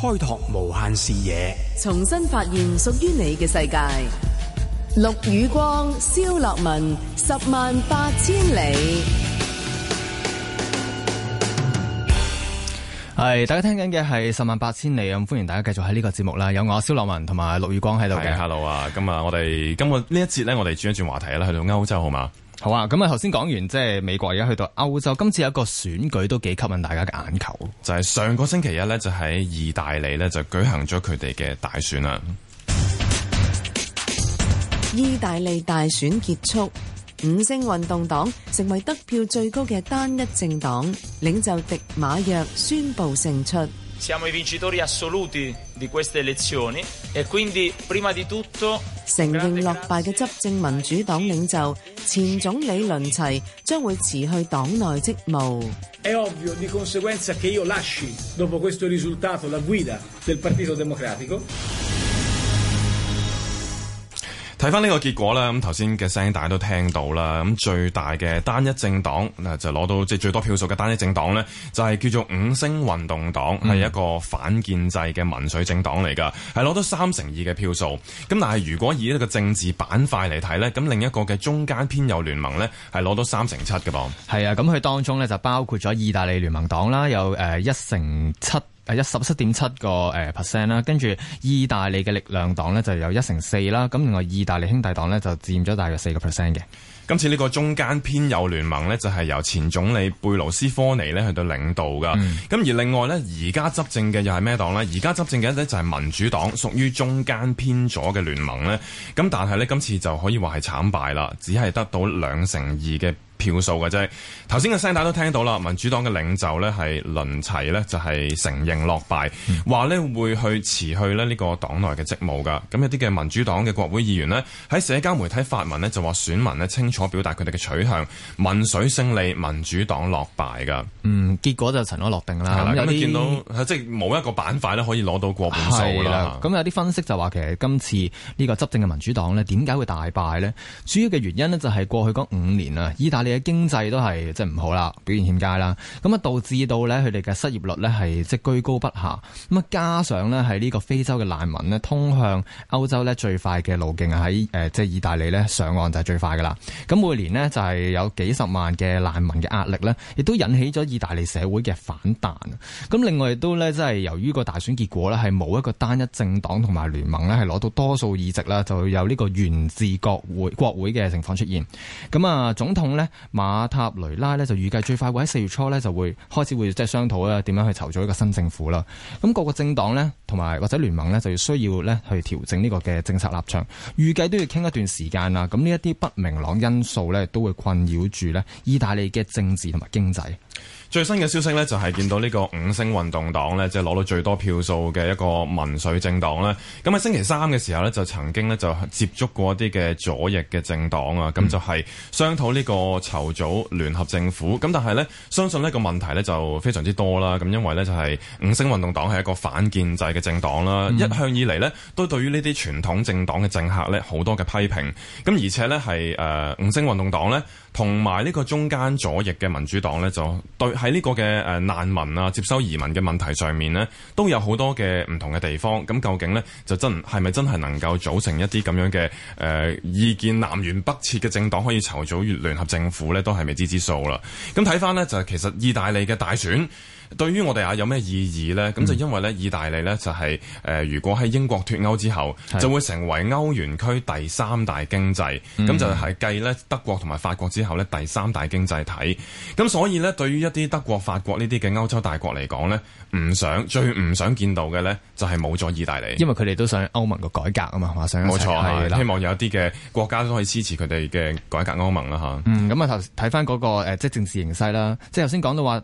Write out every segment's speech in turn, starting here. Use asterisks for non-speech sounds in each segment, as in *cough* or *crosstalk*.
開拓無限視野，重新發現屬於你嘅世界。陸宇光、蕭樂文，十萬八千里。係大家聽緊嘅係十萬八千里啊！咁歡迎大家繼續喺呢個節目啦。有我蕭樂文同埋陸宇光喺度嘅。Hello 啊！今日我哋今日呢一節咧，我哋轉一轉話題啦，去到歐洲好嘛？好啊，咁啊，頭先講完即係美國而家去到歐洲，今次有一個選舉都幾吸引大家嘅眼球，就係上個星期一咧，就喺意大利咧就舉行咗佢哋嘅大選啦。意大利大選結束，五星運動黨成為得票最高嘅單一政黨，領袖迪馬約宣布勝出。承認落敗嘅執政民主黨領袖前總理倫齊將會辭去黨內職務。睇翻呢個結果啦，咁頭先嘅聲大家都聽到啦，咁最大嘅單一政黨嗱就攞到即係最多票數嘅單一政黨咧，就係、是、叫做五星運動黨，係、嗯、一個反建制嘅民粹政黨嚟噶，係攞到三成二嘅票數。咁但係如果以一個政治板塊嚟睇咧，咁另一個嘅中間偏右聯盟咧係攞到三成七嘅噃。係啊，咁佢當中咧就包括咗意大利聯盟黨啦，有誒一成七。係一十七點七個誒 percent 啦，跟住意大利嘅力量黨咧就有一成四啦，咁另外意大利兄弟黨咧就佔咗大約四個 percent 嘅。今次呢個中間偏右聯盟咧就係由前總理貝盧斯科尼咧去到領導噶，咁而另外咧而家執政嘅又係咩黨咧？而家執政嘅咧就係民主黨，屬於中間偏左嘅聯盟咧。咁但係咧今次就可以話係慘敗啦，只係得到兩成二嘅票數嘅啫，頭先嘅聲帶都聽到啦。民主黨嘅領袖呢係輪齊呢就係承認落敗，話、嗯、呢會去辭去咧呢個黨內嘅職務噶。咁有啲嘅民主黨嘅國會議員呢，喺社交媒體發文呢就話選民呢清楚表達佢哋嘅取向，民粹勝利，民主黨落敗噶。嗯，結果就塵埃落定啦。了嗯、有見到即係冇一個板塊呢可以攞到過半數啦。咁有啲分析就話其實今次呢個執政嘅民主黨呢點解會大敗呢？主要嘅原因呢就係過去嗰五年啊，意大利。嘅經濟都係即係唔好啦，表現欠佳啦，咁啊導致到咧佢哋嘅失業率咧係即居高不下，咁啊加上咧喺呢個非洲嘅難民呢，通向歐洲咧最快嘅路徑喺即係意大利咧上岸就係最快噶啦，咁每年呢，就係有幾十萬嘅難民嘅壓力咧，亦都引起咗意大利社會嘅反彈。咁另外亦都咧即係由於個大選結果咧係冇一個單一政黨同埋聯盟咧係攞到多數議席啦，就有呢個源自國會國會嘅情況出現。咁啊總統咧。馬塔雷拉咧就預計最快會喺四月初咧就會開始會即係商討啦，點樣去籌組一個新政府啦。咁各個政黨呢。同埋或者聯盟咧，就要需要咧去調整呢個嘅政策立場，預計都要傾一段時間啦。咁呢一啲不明朗因素咧，都會困擾住咧意大利嘅政治同埋經濟。最新嘅消息咧，就係見到呢個五星運動黨咧，即係攞到最多票數嘅一個民粹政黨咧。咁喺星期三嘅時候咧，就曾經咧就接觸過一啲嘅左翼嘅政黨啊。咁就係商討呢個籌組聯合政府。咁但係咧，相信呢個問題咧就非常之多啦。咁因為咧就係五星運動黨係一個反建制嘅政黨啦，一向以嚟咧都對於呢啲傳統政黨嘅政客好多嘅批評，咁而且呢係誒五星運動黨呢同埋呢個中間左翼嘅民主黨呢就對喺呢個嘅難民啊，接收移民嘅問題上面呢都有好多嘅唔同嘅地方。咁究竟呢就真係咪真係能夠組成一啲咁樣嘅誒意見南轅北轍嘅政黨可以籌組聯合政府呢，都係未知之數啦。咁睇翻呢，就係其實意大利嘅大選。對於我哋啊有咩意義呢？咁就因為咧，意大利咧就係誒，如果喺英國脱歐之後，就會成為歐元區第三大經濟，咁就係繼咧德國同埋法國之後咧第三大經濟體。咁所以呢，對於一啲德國、法國呢啲嘅歐洲大國嚟講呢，唔想最唔想見到嘅呢，就係冇咗意大利。因為佢哋都想歐盟嘅改革啊嘛，話想冇錯啊，希望有一啲嘅國家都可以支持佢哋嘅改革歐盟啦嚇。嗯，咁啊頭睇翻嗰個誒即政治形勢啦，即頭先講到話。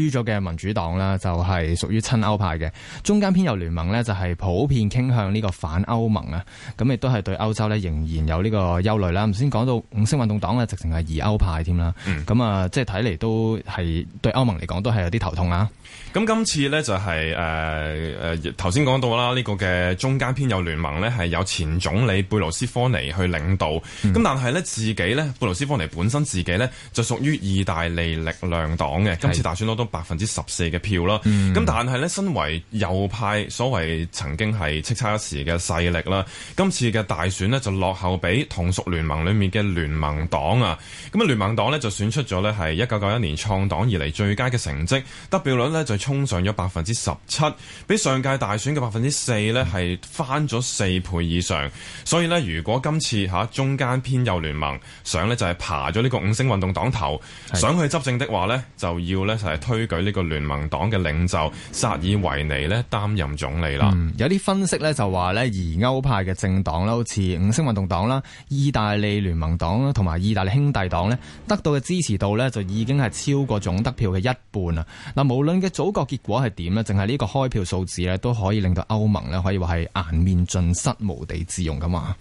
輸咗嘅民主黨啦，就係屬於親歐派嘅；中間偏右聯盟呢，就係普遍傾向呢個反歐盟啦。咁亦都係對歐洲呢，仍然有呢個憂慮啦。唔先講到五星運動黨啊，直情係二歐派添啦。咁啊，即係睇嚟都係對歐盟嚟講都係有啲頭痛啊。咁今次呢、就是，就係誒誒，頭先講到啦，呢、這個嘅中間偏右聯盟呢，係有前總理貝盧斯科尼去領導。咁、嗯、但係呢，自己呢，貝盧斯科尼本身自己呢，就屬於意大利力量黨嘅。今次大選。多多百分之十四嘅票啦，咁、嗯、但係咧，身為右派，所謂曾經係叱咤一時嘅勢力啦，今次嘅大選咧就落後俾同屬聯盟裏面嘅聯盟黨啊，咁啊聯盟黨咧就選出咗咧係一九九一年創黨以嚟最佳嘅成績，得票率咧就衝上咗百分之十七，比上屆大選嘅百分之四咧係翻咗四倍以上，所以咧，如果今次吓，啊、中間偏右聯盟想咧就係、是、爬咗呢個五星運動黨頭，想去執政的話咧就要咧。推舉呢個聯盟黨嘅領袖薩爾維尼呢擔任總理啦，嗯。有啲分析呢就話呢疑歐派嘅政黨啦，好似五星運動黨啦、意大利聯盟黨啦，同埋意大利兄弟黨呢，得到嘅支持度呢就已經係超過總得票嘅一半啊。嗱，無論嘅組閣結果係點呢？淨係呢個開票數字呢，都可以令到歐盟呢可以話係顏面盡失、無地自容㗎嘛。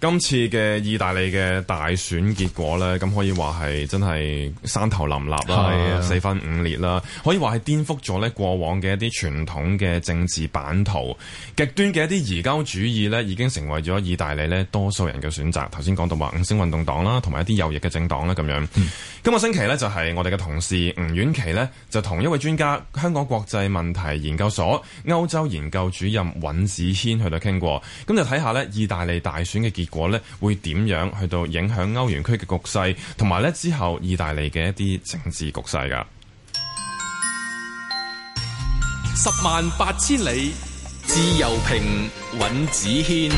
今次嘅意大利嘅大選結果咧，咁可以話係真係山頭林立啦，是啊、是四分五裂啦，可以話係顛覆咗咧過往嘅一啲傳統嘅政治版圖，極端嘅一啲疑歐主義咧已經成為咗意大利咧多數人嘅選擇。頭先講到話五星運動黨啦，同埋一啲右翼嘅政黨啦，咁樣 *laughs* 今個星期咧就係我哋嘅同事吳婉琪咧，就同一位專家，香港國際問題研究所歐洲研究主任尹子軒去到傾過，咁就睇下咧意大利大選嘅結果。果咧會點樣去到影響歐元區嘅局勢，同埋咧之後意大利嘅一啲政治局勢噶。十萬八千里，自由評，尹子軒。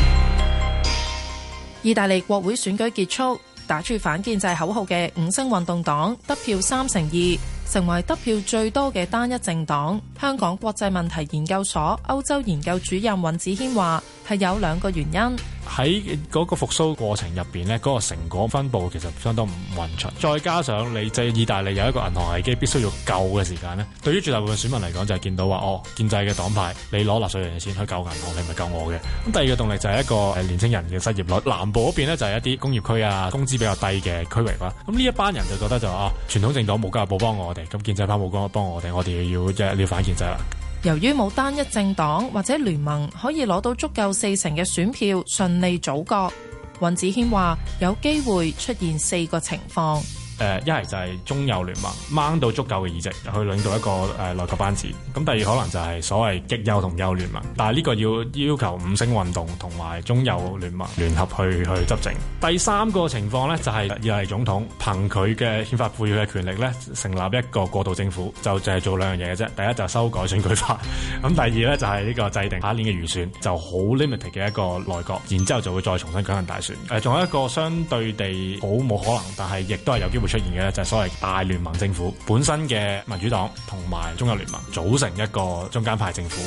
意大利國會選舉結束，打住反建制口號嘅五星運動黨得票三成二，成為得票最多嘅單一政黨。香港國際問題研究所歐洲研究主任尹子軒話：係有兩個原因。喺嗰個復甦過程入邊呢，嗰個成果分佈其實相當唔均勻。再加上你製意大利有一個銀行危機必須要救嘅時間呢，對於絕大部分選民嚟講就係、是、見到話哦，建制嘅黨派你攞納稅人嘅錢去救銀行，你咪救我嘅。咁第二個動力就係一個年輕人嘅失業率，南部嗰邊咧就係一啲工業區啊，工資比較低嘅區域啦。咁呢一班人就覺得就啊、哦，傳統政黨冇膠布幫我哋，咁建制派冇膠布幫我哋，我哋要即係要，要反建制啦。由於冇單一政黨或者聯盟可以攞到足夠四成嘅選票順祖國，順利組閣，尹子軒話有機會出現四個情況。誒，一係就係中右聯盟掹到足夠嘅議席去領導一個誒內閣班子，咁第二可能就係所謂激右同右聯盟，但係呢個要要求五星運動同埋中右聯盟聯合去去執政。第三個情況呢，就係意大利總統憑佢嘅憲法賦予嘅權力呢，成立一個過渡政府，就淨係做兩樣嘢嘅啫。第一就係修改選舉法，咁第二呢，就係呢個制定下年嘅預算，就好 limit 嘅一個內閣，然之後就會再重新舉行大選。誒，仲有一個相對地好冇可能，但係亦都係有機會。出現嘅就係所謂大聯盟政府，本身嘅民主黨同埋中右聯盟組成一個中間派政府。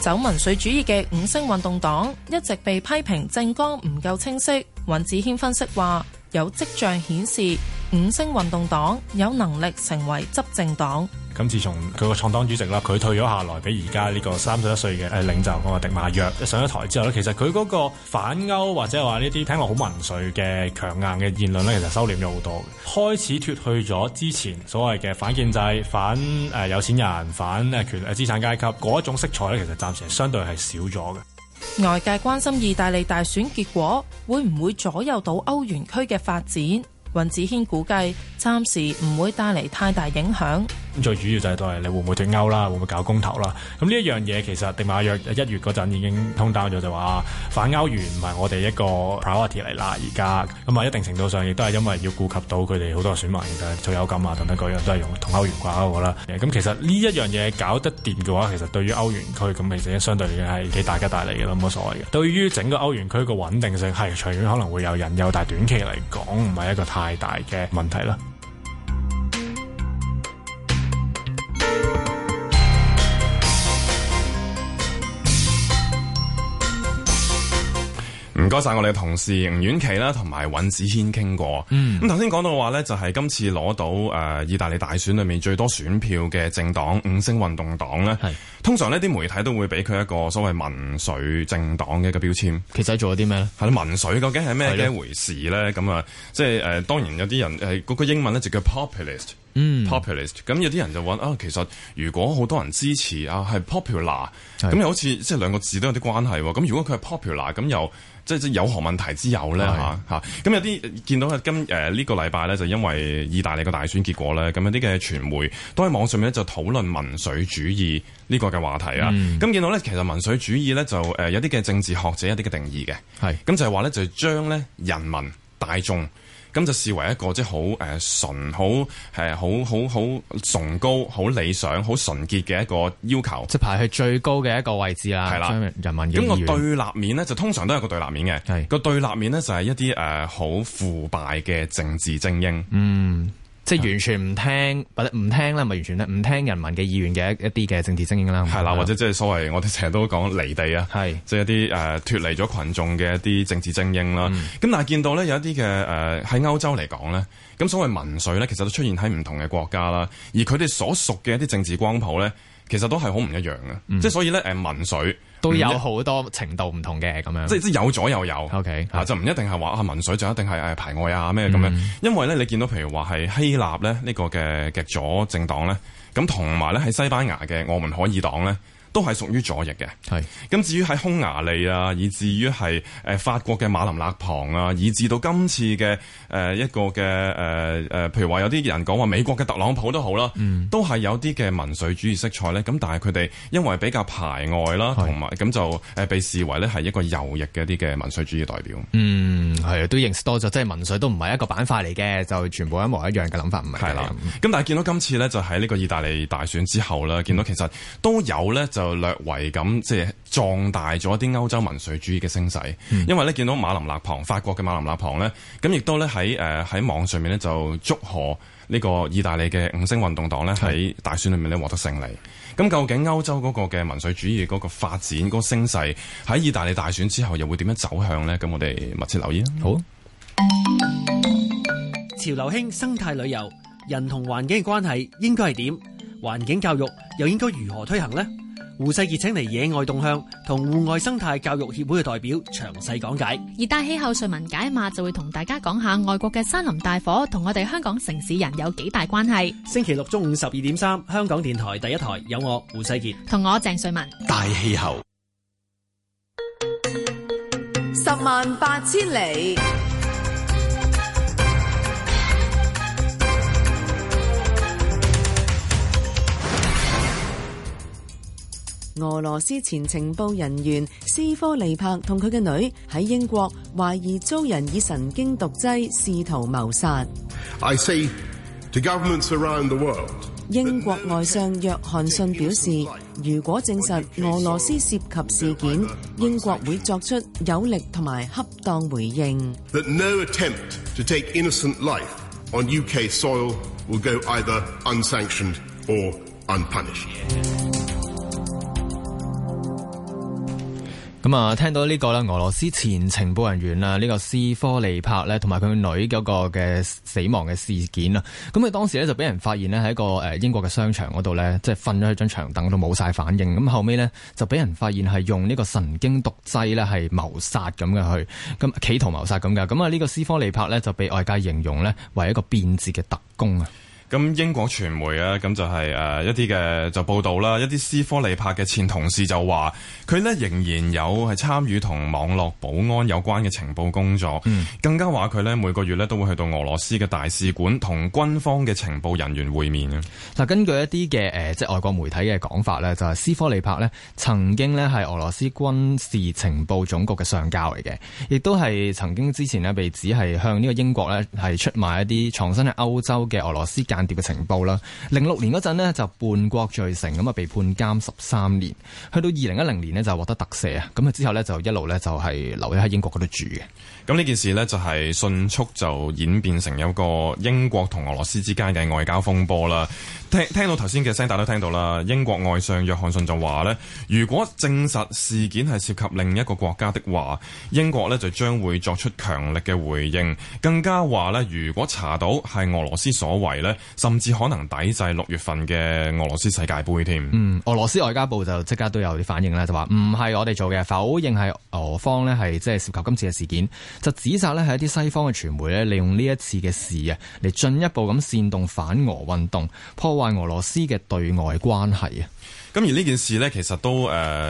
走民粹主義嘅五星運動黨一直被批評政綱唔夠清晰。尹子軒分析話，有跡象顯示五星運動黨有能力成為執政黨。咁自從佢個創黨主席啦，佢退咗下來，俾而家呢個三十一歲嘅領袖，嗰個迪馬約上咗台之後，其實，佢嗰個反歐或者話呢啲聽落好民粹嘅強硬嘅言論咧，其實收斂咗好多，開始脱去咗之前所謂嘅反建制、反有錢人、反誒權資產階級嗰一種色彩咧，其實暫時係相對係少咗嘅。外界關心意大利大選結果會唔會左右到歐元區嘅發展？尹子軒估計。暫時唔會帶嚟太大影響。最主要就係都係你會唔會脫歐啦，會唔會搞公投啦？咁呢一樣嘢其實，迪馬約一月嗰陣已經 tone down 咗，就話反歐元唔係我哋一個 priority 嚟啦。而家咁啊，一定程度上亦都係因為要顧及到佢哋好多選民嘅退休金啊，等等各樣都係用同歐元掛鈎嘅啦。咁其實呢一樣嘢搞得掂嘅話，其實對於歐元區咁，其實相對嚟係幾大吉大利嘅咯，冇乜所謂嘅。對於整個歐元區嘅穩定性，係長遠可能會有人有，但係短期嚟講唔係一個太大嘅問題啦。唔該晒我哋嘅同事吳婉琪啦，同埋尹子軒傾過。咁頭先講到話咧，就係、是、今次攞到誒、呃、意大利大選裏面最多選票嘅政黨五星運動黨咧。係通常呢啲媒體都會俾佢一個所謂民粹政黨嘅一個標籤。其實做咗啲咩咧？係咯，民粹究竟係咩一回事咧？咁啊，即係誒，當然有啲人誒，嗰、那個英文咧就叫 populist、嗯。populist 咁有啲人就問啊、哦，其實如果好多人支持啊，係 popular，咁又好似即係兩個字都有啲關係。咁如果佢係 popular，咁又？即係即有何問題之有咧，嚇嚇，咁是、啊、有啲見到喺今誒、呃這個、呢個禮拜咧，就因為意大利嘅大選結果咧，咁有啲嘅傳媒都喺網上面咧就討論民粹主義呢個嘅話題、嗯、啊。咁見到咧，其實民粹主義咧就誒、呃、有啲嘅政治學者有啲嘅定義嘅，係咁是就係話咧就將咧人民大眾。咁就視為一個即係好誒純、好誒好好好崇高、好理想、好純潔嘅一個要求，即係排喺最高嘅一個位置啦。係啦，人民議員。咁個對立面咧，就通常都有個對立面嘅。係個對立面咧，就係一啲誒好腐敗嘅政治精英。嗯。即係完全唔聽或者唔聽啦咪完全咧唔聽，聽人民嘅意願嘅一一啲嘅政治精英啦。係啦，或者即係所謂我哋成日都講離地啊，係即係一啲誒脫離咗群眾嘅一啲政治精英啦。咁、嗯、但係見到咧有一啲嘅誒喺歐洲嚟講咧，咁所謂民粹咧，其實都出現喺唔同嘅國家啦，而佢哋所屬嘅一啲政治光譜咧，其實都係好唔一樣嘅。嗯、即係所以咧，誒民粹。都有好多程度唔同嘅咁、嗯、樣，即係即係有咗又有，OK 吓，就唔一定係話啊民粹就一定係誒排外啊咩咁樣，嗯、因為咧你見到譬如話係希臘咧呢個嘅極左政黨咧，咁同埋咧喺西班牙嘅我們可以黨咧。都係屬於左翼嘅，係。咁至於喺匈牙利啊，以至於係法國嘅馬林勒旁啊，以至到今次嘅一個嘅、呃、譬如話有啲人講話美國嘅特朗普都好啦、嗯，都係有啲嘅民粹主義色彩咧。咁但係佢哋因為比較排外啦，同埋咁就被視為咧係一個右翼嘅一啲嘅民粹主義代表。嗯，係啊，都認識多咗，即係民粹都唔係一個板塊嚟嘅，就全部一模一樣嘅諗法唔係。係啦。咁但係見到今次咧，就喺呢個意大利大選之後啦，見、嗯、到其實都有咧就。就略為咁，即係壯大咗啲歐洲民粹主義嘅聲勢，因為咧見到馬林立旁，法國嘅馬林立旁呢，咁亦都咧喺誒喺網上面咧就祝賀呢個意大利嘅五星運動黨呢，喺大選裏面咧獲得勝利。咁究竟歐洲嗰個嘅民粹主義嗰個發展嗰個聲勢喺意大利大選之後又會點樣走向呢？咁我哋密切留意啦。好，潮流興生態旅遊，人同環境嘅關係應該係點？環境教育又應該如何推行呢？胡世傑請嚟野外動向同戶外生態教育協會嘅代表詳細講解。熱帶氣候，瑞文解碼就會同大家講下外國嘅山林大火同我哋香港城市人有幾大關係。星期六中午十二點三，香港電台第一台有我胡世傑同我鄭瑞文。大氣候，十萬八千里。俄羅斯前情報人員斯科尼柏同佢嘅女喺英國懷疑遭人以神經毒劑試圖謀殺。英國外相約翰遜表示，如果證實俄羅斯涉及事件，英國會作出有力同埋恰當回應，嗯。咁啊，聽到呢、這個啦，俄羅斯前情報人員啊，呢、這個斯科利帕咧，同埋佢個女嗰個嘅死亡嘅事件啊，咁佢當時咧就俾人發現呢，喺一個誒英國嘅商場嗰度咧，即係瞓咗喺張長凳度冇晒反應，咁後尾呢，就俾人發現係用呢個神經毒劑咧係謀殺咁嘅去，咁企圖謀殺咁嘅。咁啊呢個斯科利帕咧就被外界形容呢，為一個變節嘅特工啊。咁英國傳媒呢，咁就係、是、誒一啲嘅就報道啦，一啲斯科利帕嘅前同事就話，佢咧仍然有係參與同網絡保安有關嘅情報工作，嗯、更加話佢咧每個月咧都會去到俄羅斯嘅大使館同軍方嘅情報人員會面嘅。嗱，根據一啲嘅、呃、即係外國媒體嘅講法咧，就係斯科利帕咧曾經咧係俄羅斯軍事情報總局嘅上校嚟嘅，亦都係曾經之前呢被指係向呢個英國咧係出賣一啲藏身喺歐洲嘅俄羅斯間情報啦，零六年嗰陣呢，就叛國罪成，咁啊被判監十三年，去到二零一零年呢，就獲得特赦啊，咁啊之後呢，就一路呢，就係留喺喺英國嗰度住嘅。咁呢件事呢，就係迅速就演變成一個英國同俄羅斯之間嘅外交風波啦。聽聽到頭先嘅聲，大家都聽到啦。英國外相約翰遜就話呢：「如果證實事件係涉及另一個國家的話，英國呢就將會作出強力嘅回應，更加話呢，如果查到係俄羅斯所為呢。甚至可能抵制六月份嘅俄羅斯世界杯添。嗯，俄羅斯外交部就即刻都有啲反應啦，就話唔係我哋做嘅，否認係俄方咧係即係涉及今次嘅事件，就指責咧係一啲西方嘅傳媒咧利用呢一次嘅事啊，嚟進一步咁煽動反俄運動，破壞俄羅斯嘅對外關係啊。咁而呢件事咧，其實都誒，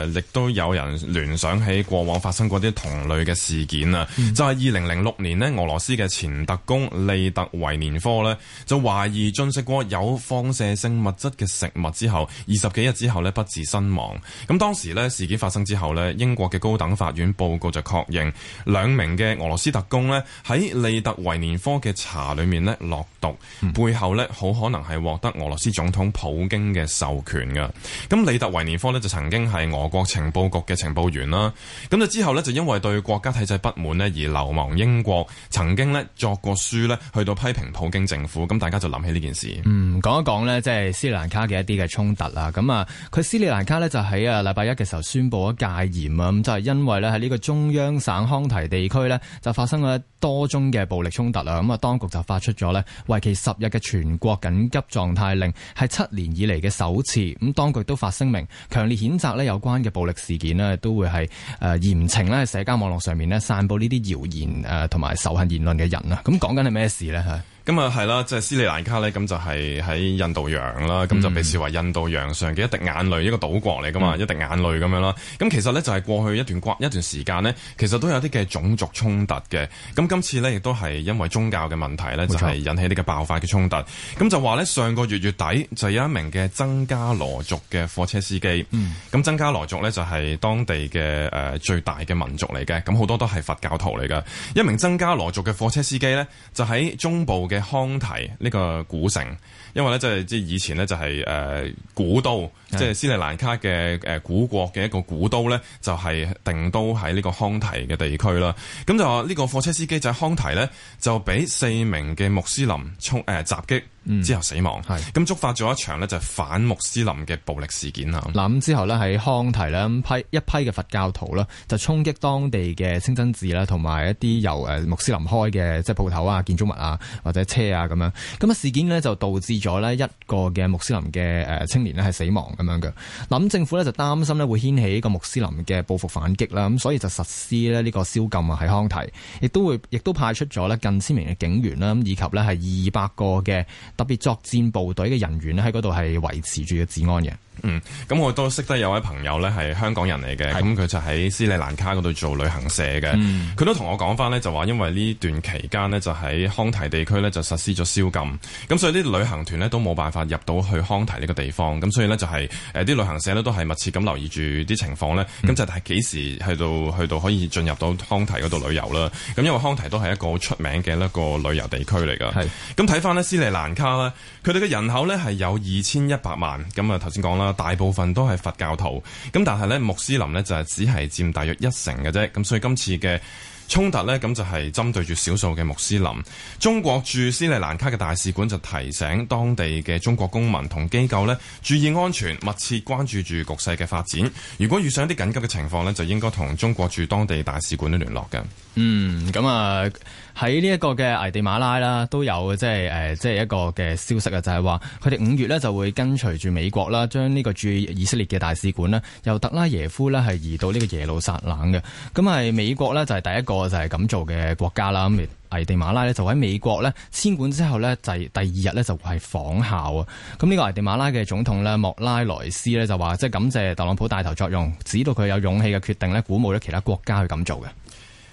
亦、呃、都有人聯想起過往發生過啲同類嘅事件啊、嗯。就係二零零六年咧，俄羅斯嘅前特工利特維年科咧就懷疑。而進食過有放射性物質嘅食物之後，二十幾日之後呢，不治身亡。咁當時呢，事件發生之後呢，英國嘅高等法院報告就確認兩名嘅俄羅斯特工呢，喺利特維年科嘅茶裏面呢落毒，背後呢，好可能係獲得俄羅斯總統普京嘅授權嘅。咁利特維年科呢，就曾經係俄國情報局嘅情報員啦。咁就之後呢，就因為對國家體制不滿呢，而流亡英國，曾經呢，作過書呢，去到批評普京政府。咁大家就諗起。呢件事，嗯，講一講呢，即係斯里蘭卡嘅一啲嘅衝突啦。咁啊，佢斯里蘭卡呢，就喺啊禮拜一嘅時候宣布咗戒嚴啊，咁就係因為咧喺呢個中央省康提地區呢，就發生咗多宗嘅暴力衝突啦。咁啊，當局就發出咗呢，為期十日嘅全國緊急狀態令，係七年以嚟嘅首次。咁當局都發聲明，強烈譴責呢有關嘅暴力事件呢，都會係誒嚴懲咧社交網絡上面呢，散布呢啲謠言誒同埋仇恨言論嘅人啊。咁講緊係咩事呢？吓？咁啊，係啦，即係斯里蘭卡咧，咁就係喺印度洋啦，咁、嗯、就被視為印度洋上嘅一滴眼淚一個島國嚟噶嘛，一滴眼淚咁樣啦。咁其實咧就係過去一段關一段時間咧，其實都有啲嘅種族衝突嘅。咁今次咧亦都係因為宗教嘅問題咧，就係、是、引起呢個爆發嘅衝突。咁就話咧上個月月底就有一名嘅僧伽羅族嘅貨車司機，咁、嗯、僧伽羅族咧就係當地嘅誒最大嘅民族嚟嘅，咁好多都係佛教徒嚟嘅一名僧伽羅族嘅貨車司機咧就喺中部嘅。嘅康提呢、這個古城，因為咧即係即係以前咧就係、是、誒、呃、古都，即係斯里蘭卡嘅誒、呃、古國嘅一個古都咧，就係、是、定都喺呢個康提嘅地區啦。咁就話呢、這個貨車司機就係康提咧，就俾四名嘅穆斯林衝誒襲擊。呃之後死亡，係咁觸發咗一場呢就反穆斯林嘅暴力事件啊！嗱，咁之後呢，喺康提呢批一批嘅佛教徒啦，就衝擊當地嘅清真寺啦，同埋一啲由誒穆斯林開嘅即係鋪頭啊、建築物啊或者車啊咁樣。咁啊事件呢，就導致咗呢一個嘅穆斯林嘅誒青年呢係死亡咁樣嘅。嗱，政府呢，就擔心呢會掀起個穆斯林嘅報復反擊啦，咁所以就實施呢呢個宵禁啊喺康提，亦都會亦都派出咗呢近千名嘅警員啦，以及呢係二百個嘅。特別作戰部隊嘅人員咧，喺度係維持住嘅治安嘅。嗯，咁我都識得有一位朋友咧，係香港人嚟嘅，咁佢就喺斯里蘭卡嗰度做旅行社嘅，佢、嗯、都同我講翻呢，就話因為呢段期間呢，就喺康提地區呢，就實施咗宵禁，咁所以啲旅行團呢，都冇辦法入到去康提呢個地方，咁所以呢、就係，就係啲旅行社呢，都係密切咁留意住啲情況呢。咁就睇幾時去到去到可以進入到康提嗰度旅遊啦。咁因為康提都係一個好出名嘅一個旅遊地區嚟㗎，咁睇翻呢，斯里蘭卡呢，佢哋嘅人口呢，係有二千一百萬，咁啊頭先講啦。大部分都係佛教徒，咁但係咧，穆斯林咧就係只係佔大約一成嘅啫，咁所以今次嘅衝突呢，咁就係針對住少數嘅穆斯林。中國駐斯里蘭卡嘅大使館就提醒當地嘅中國公民同機構呢，注意安全，密切關注住局勢嘅發展。如果遇上一啲緊急嘅情況呢，就應該同中國駐當地大使館都聯絡嘅。嗯，咁啊。喺呢一個嘅危地馬拉啦，都有即係誒，即係一個嘅消息啊，就係話佢哋五月咧就會跟隨住美國啦，將呢個駐以色列嘅大使館咧由特拉耶夫呢係移到呢個耶路撒冷嘅。咁係美國呢，就係第一個就係咁做嘅國家啦。咁危地馬拉呢，就喺美國呢遷館之後呢，就係第二日呢就係仿效啊。咁呢個危地馬拉嘅總統咧莫拉萊斯呢，就話即係感謝特朗普帶頭作用，指到佢有勇氣嘅決定咧，鼓舞咗其他國家去咁做嘅。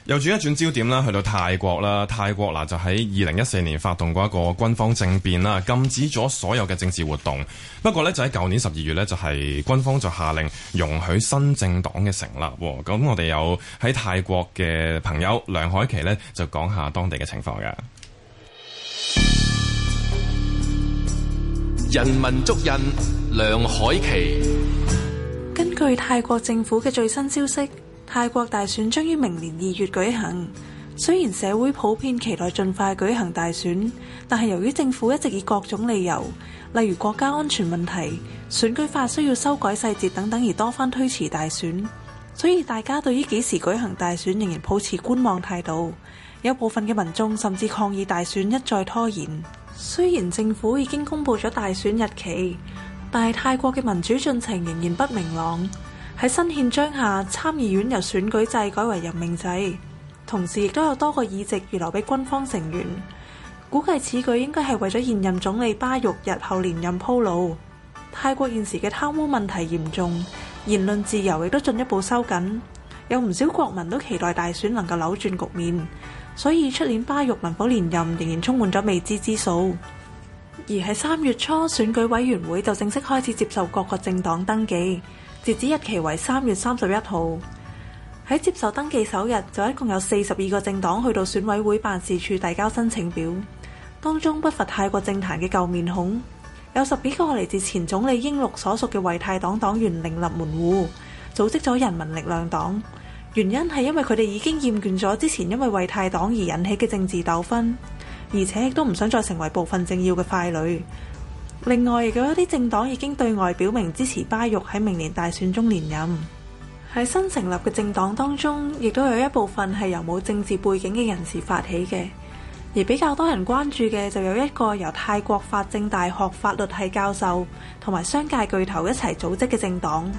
又轉一轉焦點啦，去到泰國啦。泰國嗱就喺二零一四年發動過一個軍方政變啦，禁止咗所有嘅政治活動。不過呢，就喺舊年十二月呢，就係軍方就下令容許新政黨嘅成立。咁、哦、我哋有喺泰國嘅朋友梁凱琪呢，就講下當地嘅情況嘅。人文足印梁凱琪，根據泰國政府嘅最新消息。泰國大選將於明年二月舉行，雖然社會普遍期待盡快舉行大選，但係由於政府一直以各種理由，例如國家安全問題、選舉法需要修改細節等等而多番推遲大選，所以大家對於幾時舉行大選仍然抱持觀望態度。有部分嘅民眾甚至抗議大選一再拖延。雖然政府已經公布咗大選日期，但係泰國嘅民主進程仍然不明朗。喺新憲章下，參議院由選舉制改為任命制，同時亦都有多個議席預留俾軍方成員。估計此舉應該係為咗現任總理巴育日後連任鋪路。泰國現時嘅貪污問題嚴重，言論自由亦都進一步收緊，有唔少國民都期待大選能夠扭轉局面。所以出年巴育能否連任仍然充滿咗未知之數。而喺三月初，選舉委員會就正式開始接受各個政黨登記。截止日期為三月三十一號，喺接受登記首日就一共有四十二個政黨去到選委會辦事處遞交申請表，當中不乏泰國政壇嘅舊面孔，有十幾個嚟自前總理英祿所屬嘅衛泰黨黨員另立門戶，組織咗人民力量黨，原因係因為佢哋已經厭倦咗之前因為衛泰黨而引起嘅政治糾紛，而且亦都唔想再成為部分政要嘅傀儡。另外，亦有一啲政黨已經對外表明支持巴育喺明年大選中連任。喺新成立嘅政黨當中，亦都有一部分係由冇政治背景嘅人士發起嘅。而比較多人關注嘅就有一個由泰國法政大學法律系教授同埋商界巨頭一齊組織嘅政黨。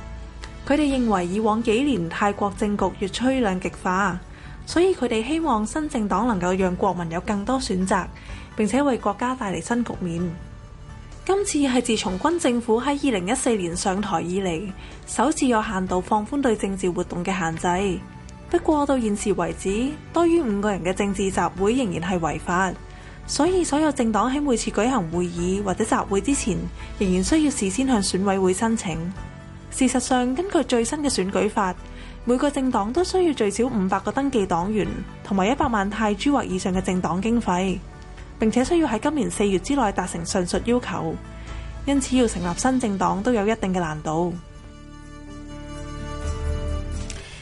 佢哋認為以往幾年泰國政局越趨兩極化，所以佢哋希望新政黨能夠讓國民有更多選擇，並且為國家帶嚟新局面。今次係自從軍政府喺二零一四年上台以嚟，首次有限度放寬對政治活動嘅限制。不過到現時為止，多於五個人嘅政治集會仍然係違法，所以所有政黨喺每次舉行會議或者集會之前，仍然需要事先向選委會申請。事實上，根據最新嘅選舉法，每個政黨都需要最少五百個登記黨員，同埋一百萬泰銖或以上嘅政黨經費。並且需要喺今年四月之內達成上述要求，因此要成立新政黨都有一定嘅難度。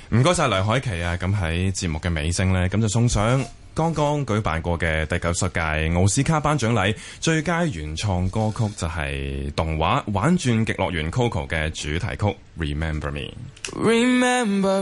唔該晒梁凱琪啊！咁喺節目嘅尾聲呢，咁就送上剛剛舉辦過嘅第九十屆奧斯卡頒獎禮最佳原創歌曲，就係動畫《玩轉極樂園》Coco 嘅主題曲《Remember Me》。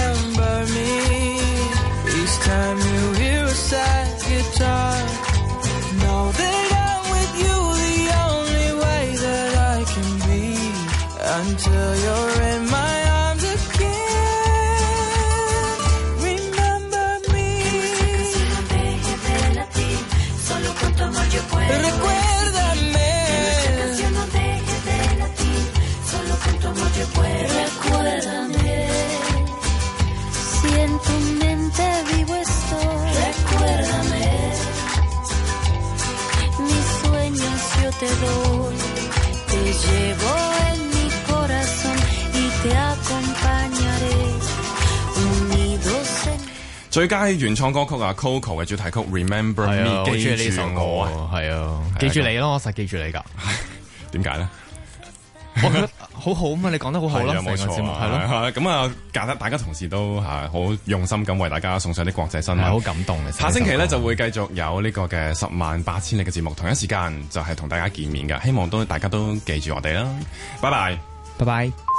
最佳原創歌曲啊，Coco 嘅主題曲《Remember Me》啊，記住我，係啊，啊，啊，記住你咯，啊，我實記住你噶，點解呢？ *laughs* 好好嘛，你講得好好咯，冇節目係咯。咁啊，感得、啊嗯、大家同事都好用心咁為大家送上啲國際新聞，係好感動嘅。下星期咧就會繼續有呢個嘅十萬八千里嘅節目，同一時間就係同大家見面嘅，希望都大家都記住我哋啦。拜拜，拜拜。